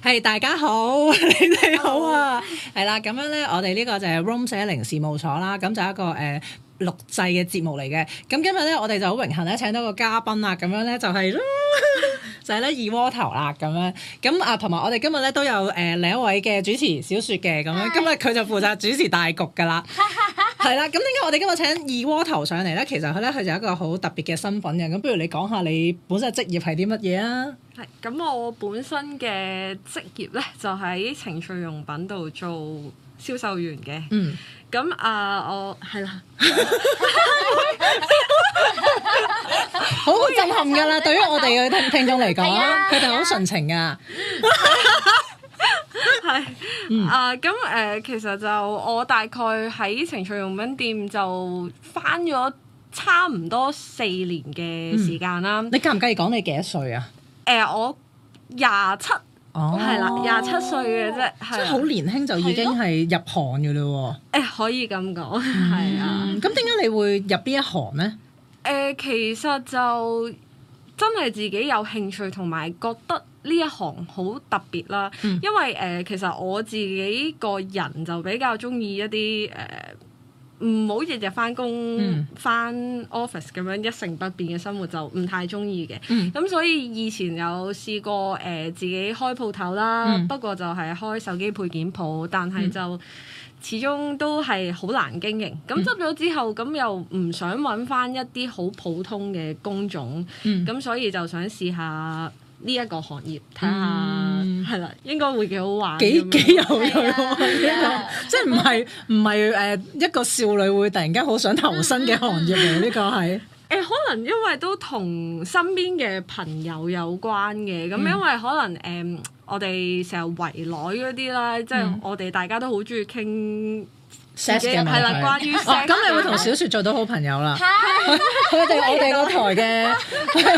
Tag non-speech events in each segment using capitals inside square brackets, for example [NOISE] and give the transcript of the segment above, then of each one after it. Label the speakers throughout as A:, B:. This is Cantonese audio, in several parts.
A: 係、hey, 大家好，你哋好啊！係 Hello. 啦，咁樣咧，我哋呢個就係 Room 四一零事務所啦，咁就一個誒錄製嘅節目嚟嘅。咁今日咧，我哋就好榮幸咧，請到個嘉賓啦，咁樣咧就係就係、是、咧二鍋頭啦，咁樣。咁啊，同埋我哋今日咧都有誒、呃、另一位嘅主持小雪嘅，咁樣今日佢就負責主持大局噶啦。Hi. [LAUGHS] 係啦，咁點解我哋今日請二鍋頭上嚟咧？其實佢咧佢就一個好特別嘅身份嘅。咁不如你講下你本身嘅職業係啲乜嘢啊？係，
B: 咁我本身嘅職業咧就喺、是、情趣用品度做銷售員嘅。嗯、咁、呃、啊，我係啦，
A: 好好 [LAUGHS] [LAUGHS] [LAUGHS] 震撼噶啦！對於我哋嘅聽聽眾嚟講，佢哋好純情噶。 [LAUGHS] [LAUGHS]
B: 嗯、啊，咁、嗯、誒，其實就我大概喺情趣用品店就返咗差唔多四年嘅時間啦、嗯。
A: 你介唔介意講你幾多歲啊？
B: 誒、呃，我廿
A: 七、哦，
B: 係啦，廿七歲嘅啫，係、
A: 哦。啊、即係好年輕就已經係入行嘅嘞喎。
B: 可以咁講，係、嗯、啊。
A: 咁點解你會入邊一行咧？
B: 誒、呃，其實就。真係自己有興趣同埋覺得呢一行好特別啦，嗯、因為誒、呃、其實我自己個人就比較中意一啲誒唔好日日返工返、嗯、office 咁樣一成不變嘅生活就唔太中意嘅，咁、嗯嗯、所以以前有試過誒、呃、自己開鋪頭啦，嗯、不過就係開手機配件鋪，但係就。嗯始終都係好難經營，咁執咗之後，咁、嗯、又唔想搵返一啲好普通嘅工種，咁、嗯、所以就想試下呢一個行業，睇下係啦，應該會幾好玩，幾
A: 幾有趣，呢個即係唔係唔係誒一個少女會突然間好想投身嘅行業嚟，呢個係。
B: 誒，可能因為都同身邊嘅朋友有關嘅，咁因為可能誒，我哋成日圍內嗰啲啦，即係我哋大家都好中
A: 意傾性嘅問題，係啦，關於性，咁你會同小雪做到好朋友啦，佢哋我哋嗰台嘅，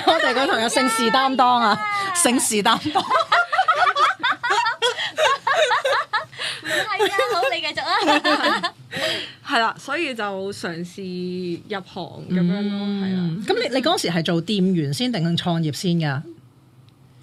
A: 我哋嗰台有性事擔當啊，性事擔當，唔係啊，好，你繼續啊。
B: 係啦，所以就嘗試入行咁樣咯，係
A: 啦、嗯。咁了你你嗰時係做店員先定創業先噶？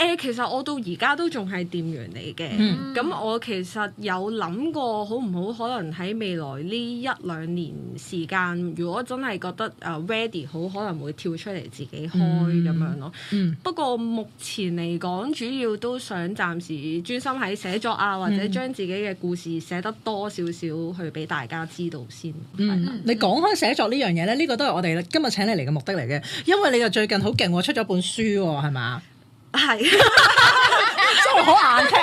B: 誒，其實我到而家都仲係店員嚟嘅，咁、嗯、我其實有諗過，好唔好？可能喺未來呢一兩年時間，如果真係覺得啊 ready 好，可能會跳出嚟自己開咁、嗯、樣咯。嗯、不過目前嚟講，主要都想暫時專心喺寫作啊，或者將自己嘅故事寫得多少少，去俾大家知道先。嗯，係。
A: 你講開寫作呢樣嘢咧，呢、呢個都係我哋今日請你嚟嘅目的嚟嘅，因為你又最近好勁喎，出咗本書喎、哦，係嘛？係，真係好眼踢，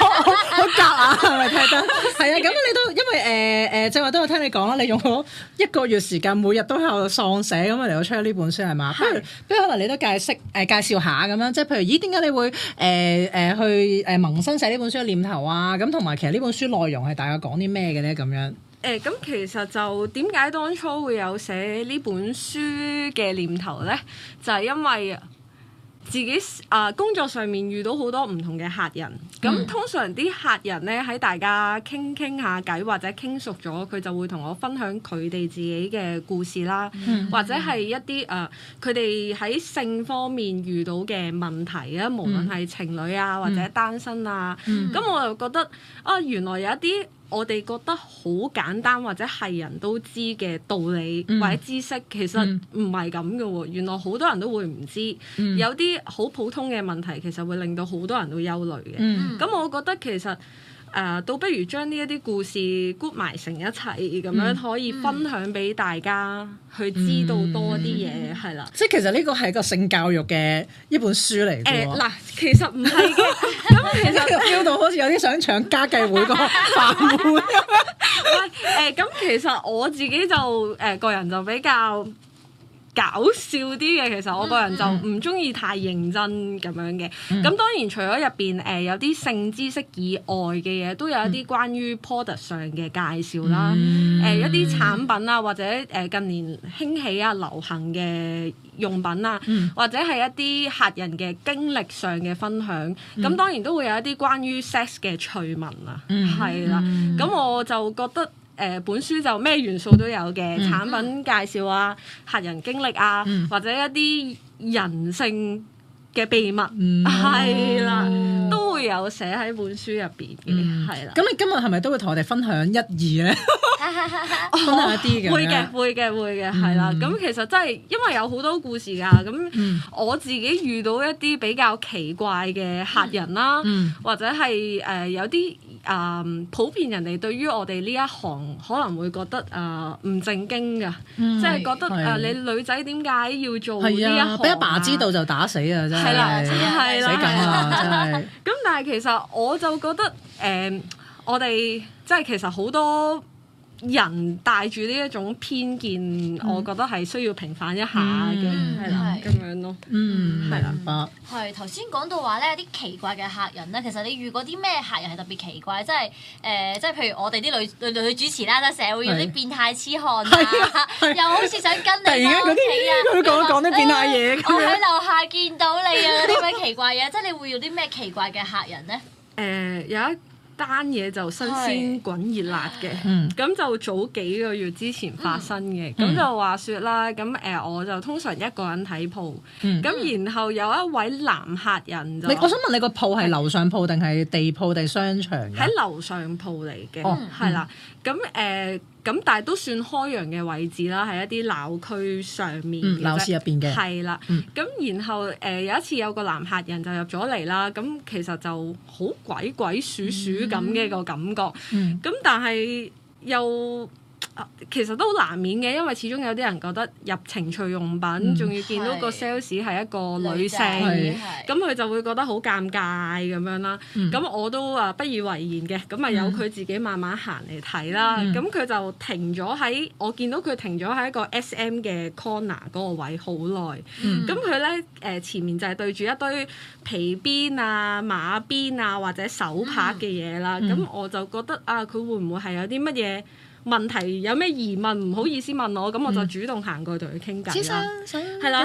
A: 好好夾眼係咪？睇得係啊！咁你都因為誒誒，正話、呃、呃、都有聽你講啦。你用咗一個月時間，每日都喺度喪寫咁啊，嚟到出咗呢本書係嘛？不是的 如不如可能你都、呃、介紹誒介紹下咁樣，即係譬如咦，點解你會誒誒、呃呃、去誒萌生寫呢本書嘅念頭啊？咁同埋其實呢本書內容係大概講啲咩嘅咧？咁樣
B: 誒、呃，咁其實就點解當初會有寫呢本書嘅念頭咧？就係因為。自己啊、呃，工作上面遇到好多唔同嘅客人，咁、嗯、通常啲客人咧喺大家傾傾下偈，或者傾熟咗，佢就會同我分享佢哋自己嘅故事啦，嗯、或者係一啲誒佢哋喺性方面遇到嘅問題啊，無論係情侶啊、嗯、或者單身啊，咁、嗯、我就覺得啊、呃，原來有一啲。我哋覺得好簡單或者係人都知嘅道理、嗯、或者知識，其實唔係咁嘅喎。原來好多人都會唔知，嗯、有啲好普通嘅問題，其實會令到好多人都憂慮嘅。咁、嗯、我覺得其實。誒、啊，倒不如將呢一啲故事 group 埋成一齊，咁、嗯、樣可以分享俾大家、嗯、去知道多啲嘢，係啦、嗯。的即
A: 係其實呢個係個性教育嘅一本書嚟嘅。誒，嗱，
B: 其實唔係
A: 嘅。咁 [LAUGHS] 其實叫到 [LAUGHS] 好似有啲想搶家計會個飯碗。
B: 誒，咁其實我自己就誒、呃、個人就比較。搞笑啲嘅，其實我個人就唔中意太認真咁樣嘅。咁、嗯、當然除咗入邊誒有啲性知識以外嘅嘢，都有一啲關於 product 上嘅介紹啦。誒、嗯呃、一啲產品啊，或者誒、呃、近年興起啊流行嘅用品啊，嗯、或者係一啲客人嘅經歷上嘅分享。咁、嗯、當然都會有一啲關於 sex 嘅趣聞啊，係、嗯、啦。咁我就覺得。誒，本書就咩元素都有嘅，產品介紹啊，客人經歷啊，或者一啲人性嘅秘密，係啦，都會有寫喺本書入邊嘅，係啦。咁
A: 你今日係咪都會同我哋分享一二
B: 咧？可能一啲嘅，會嘅會嘅會嘅係啦。咁其實真係因為有好多故事噶，咁我自己遇到一啲比較奇怪嘅客人啦，或者係誒有啲。啊、嗯，普遍人哋對於我哋呢一行可能會覺得啊唔、呃、正經嘅，嗯、即係覺得啊的、呃、你女仔點解要做呢一行啊？俾阿爸，爸
A: 知道就打死啊！真係，係啦，係啦，
B: 咁 [LAUGHS] 但係其實我就覺得誒、呃，我哋即係其實好多。人帶住呢一種偏見，我覺得係需要平反一下嘅，係啦，咁樣咯，嗯，係啦，
A: 法係頭先講到話咧，有啲奇怪嘅客人咧，其實你遇過啲咩客人係特別奇怪？即係誒，即係譬如我哋啲女女主持啦，都成日會有啲變態痴漢啊，又好似想跟你返屋企，而家嗰啲佢講講啲變態嘢，我喺
B: 樓下見到你啊，有啲咩奇怪嘢，即係你會遇啲
A: 咩奇怪嘅客人咧？誒，有
B: 一。單嘢就新鮮是滾熱辣嘅，咁、嗯、就早幾個月之前發生嘅，咁、嗯、就話説啦。咁誒，我就通常一個人睇鋪，咁、嗯、然後有一位男客人就，我想問你
A: 個鋪係樓上鋪定係地鋪定商場？喺
B: 樓上鋪嚟嘅，係、哦、啦，咁誒。呃咁但係都算開揚嘅位置啦，喺一啲鬧區上面市入面嘅，係啦、嗯。咁的、嗯、然後誒、呃、有一次有個男客人就入咗嚟啦，咁其實就好鬼鬼祟祟咁嘅個感覺。咁、嗯嗯、但係又。其實都難免嘅，因為始終有啲人覺得入情趣用品仲、嗯、要見到個 sales 係一個女性，咁佢就會覺得好尷尬咁樣啦。咁、嗯、我都啊不以為然嘅，咁啊由佢自己慢慢行嚟睇啦。咁佢、嗯、就停咗喺我見到佢停咗喺一個 S.M. 嘅 corner 嗰個位好耐。咁佢咧誒前面就係對住一堆皮鞭啊、馬鞭啊或者手拍嘅嘢啦。咁、嗯嗯、我就覺得啊，佢會唔會係有啲乜嘢？問題，有咩疑問唔好意思問我。咁、嗯、我就主動行過去同佢傾偈啦。先生，係 [LAUGHS] 啦，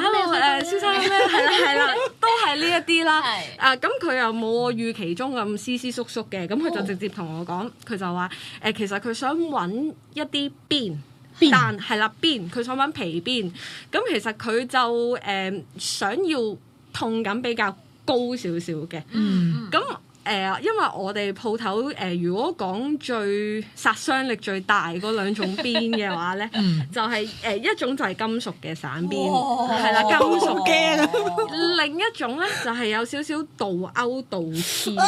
B: 誒，先生咩？係啦，係啦，都係呢一啲啦。是啊，咁佢又冇我預期中咁斯斯縮縮嘅，咁佢就直接同我講，佢、哦、就話誒，其實佢想揾一啲鞭，但係啦鞭，佢想揾皮鞭。咁其實佢就誒、嗯、想要痛感比較高少少嘅。嗯，咁、嗯。誒、呃，因為我哋鋪頭誒、呃，如果講最殺傷力最大嗰兩種鞭嘅話咧， [LAUGHS] 嗯、就係、是、誒、呃、一種就係金屬嘅散鞭，係哇啦，金屬；哇另一種咧就係、是、有少少倒勾倒刺，誒、啊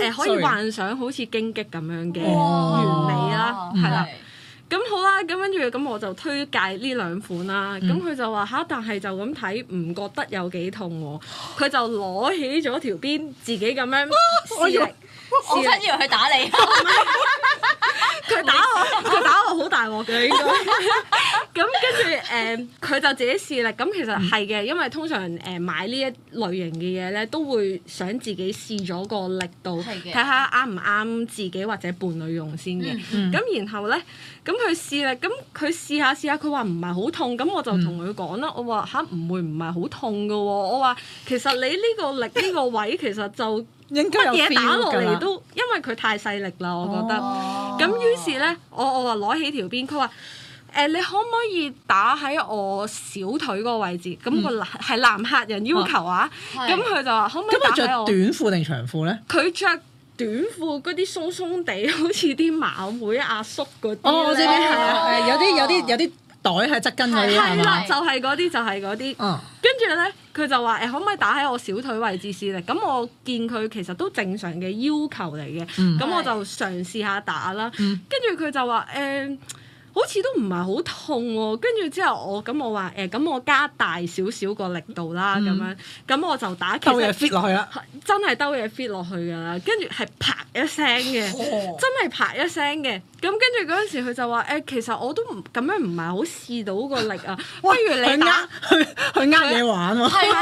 B: 呃、可以幻想好似荊棘咁樣嘅完美啦，係哇啦。啊！咁跟住咁，我就推介呢兩款啦。咁佢就話吓，嗯、但係就咁睇唔覺得有幾痛喎、啊。佢就攞起咗條鞭，自己咁樣撕力。
A: 嘩力我真以為佢打你，
B: 佢 [LAUGHS] [LAUGHS] 打我，佢打我好大鑊嘅應該。咁 [LAUGHS] [LAUGHS] 跟住，誒、呃，佢就自己試力。咁其實係嘅，嗯、因為通常誒、呃、買呢一類型嘅嘢咧，都會想自己試咗個力度，睇下啱唔啱自己或者伴侶用先嘅。咁、嗯嗯、然後咧，咁佢試力，咁佢試下試下，佢話唔係好痛。咁我就同佢講啦，我話吓唔會唔係好痛噶。我話其實你呢個力呢、這個位，其實就。 [LAUGHS] 乜嘢打落嚟都，因為佢太細力啦，我覺得。咁於是咧，我我話攞起條鞭，佢話：誒，你可唔可以打喺我小腿嗰個位置？咁個男係男客人要求啊。咁佢就話：可唔可以打喺我？你着
A: 短褲定長褲咧？
B: 佢着短褲，嗰啲鬆鬆地，好似啲馬會阿叔嗰啲啦。係啊，誒，有啲有啲有啲
A: 袋係側跟嘅。係啦，就
B: 係嗰啲，就係嗰啲。跟住咧。佢就話，誒、欸，可唔可以打喺我小腿位置試咧？咁我見佢其實都正常嘅要求嚟嘅，咁、嗯、我就嘗試下打啦。跟住佢就話，誒。欸好似都唔係好痛喎、啊，跟住之後我咁我話誒咁我加大少少個力度啦，咁、嗯、樣咁我就打。兜嘢 fit 落去啦、嗯，真係兜嘢 fit 落去㗎啦，跟住係啪一聲嘅，哦、真係啪一聲嘅。咁跟住嗰陣時佢就話誒、欸，其實我都唔咁樣唔係好試到個力啊，哇不如你呃去去呃你玩喎、啊。
A: 係喎，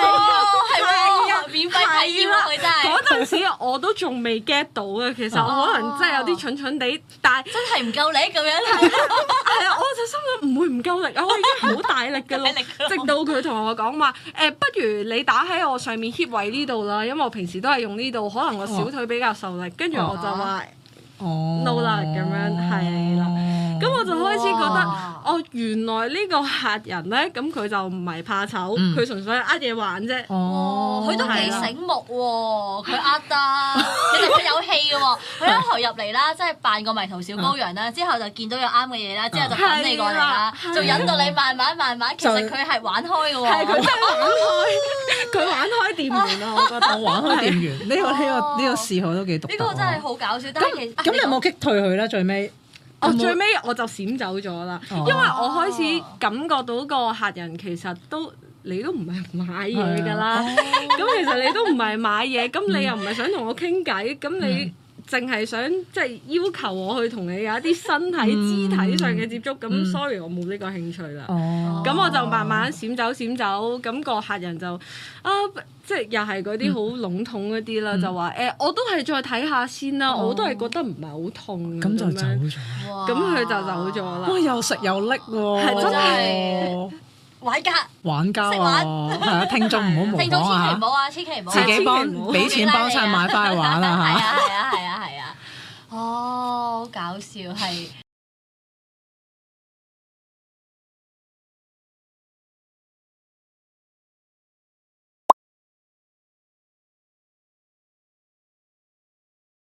A: 係喎、啊，免費睇醫學真係。嗰陣、啊、時
B: 我都仲未 get 到嘅、啊，其實我可能真係有啲蠢蠢地，但係真係唔夠你咁樣。 [LAUGHS] 係啊， [LAUGHS] 我就心諗唔會唔夠力啊，我已經好大力嘅啦， [LAUGHS] 直到佢同我講話，誒，不如你打喺我上面 hip 位呢度啦，因為我平時都係用呢度，可能我小腿比較受力，跟住我就話、啊啊、no、啊、啦，咁樣係啦。咁我就開始覺得，哦，原來呢個客人咧，咁佢就唔係怕醜，佢純粹係呃嘢玩啫。哦，
A: 佢都幾醒目喎，
B: 佢呃得，其實佢有戲嘅喎。佢一頭入嚟啦，即係扮個迷途小羔羊啦，之後就見到有啱嘅嘢啦，之後就揼你過嚟啦，就引到你慢慢慢慢，其實佢係玩開嘅喎。係佢真係玩開，佢玩開店員咯，我覺
A: 得，我玩開店員。呢個呢個呢個嗜好都幾毒。呢個真係
B: 好搞笑，但係其實，咁
A: 你有冇擊退佢啦？最尾。我、oh，最尾
B: 我就閃走咗啦，oh。因為我開始感覺到個客人其實都你都唔係買嘢㗎啦，咁、oh。其實你都唔係買嘢，咁 [LAUGHS] 你又唔係想同我傾偈，咁 [NOISE] 你。淨係想即係要求我去同你有一啲身體肢體上嘅接觸，咁 sorry 我冇呢個興趣啦。咁我就慢慢閃走閃走，咁個客人就啊即係又係嗰啲好籠統嗰啲啦，就話誒我都係再睇下先啦，我都係覺
A: 得唔係好痛。咁就走咗。咁佢就走咗啦。哇！又食又拎喎，真係玩家。玩家啊！聽眾唔好聽眾唔好啊！千祈唔好
B: 自己幫俾錢幫襯
A: 買翻嚟玩啦嚇。係啊係啊係啊！
B: 哦，好搞笑係。